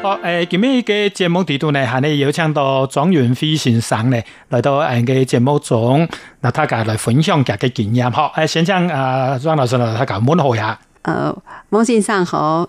好，誒，今日嘅節目時段呢，係呢邀請到莊雲惠先生呢，來到誒嘅節目中，那大家來分享下嘅經驗。好，誒，先請啊莊老師啦，大家問候一下。呃、哦，王先生好。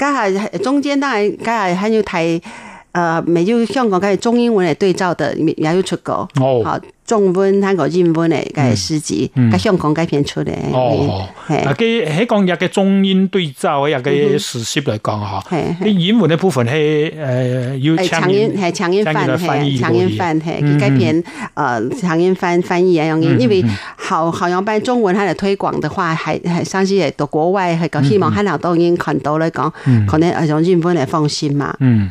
家下中間都係，家下喺要睇。呃，咪就香港嗰中英文嚟對照的，也有出過、哦哦。中文睇過英文嘅嗰啲詩集喺香港改編出嚟。哦，喺講一中英對照，一、那個實施嚟講，嗬、嗯嗯哦。英文的部分係、那個、呃，要強音，強音翻，係強音翻，係強音翻譯因為、嗯因為嗯、好好樣，但中文喺度推廣的話，還還甚至到國外，係個希望海南多啲看到講，可能放心嘛。嗯。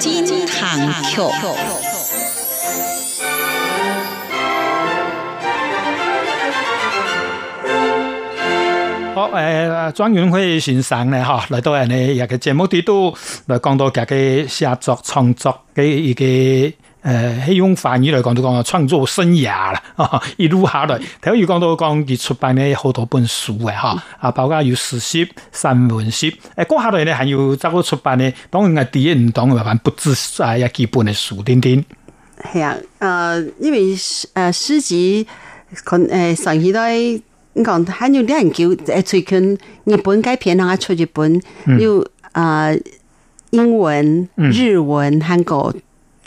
金雞探球。好，誒、呃，莊雲惠先生呢？哈，來到人呢，一個節目度都來講到佢嘅寫作創作嘅一個。誒、呃，用翻譯嚟講就講創作生涯啦，一路下來，頭先講到講佢出版咧好多本書嘅吓，啊，包括有詩集、散文集，誒，過下來咧還有再個出版咧，當然係第一唔同嘅，唔係不只啊，有幾本嘅書點點係啊，啊，因為誒，詩集，可能誒上期咧，你講喊住兩個人叫誒，最近日本街片啊出咗本，有啊、呃、英文、日文、韓、嗯、國。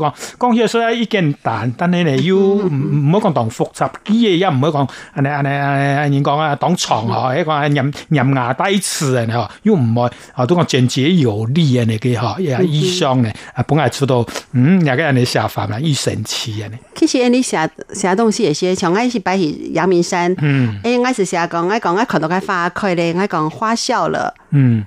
講講呢個，所以一件，但但你哋要唔唔好講同複雜，幾嘢嘢唔好講。人哋人哋人哋講啊，當床啊，一個任任牙帶刺啊，又唔愛啊，都講簡潔有力啊，你嘅嗬，又係醫生咧，啊本嚟出到嗯，有個人嘅寫法啦，醫生似啊。其實你寫寫東西嘅時，從開始擺喺陽明山，誒、嗯，開始寫講，我講我看到佢花開咧，我講花笑了。嗯。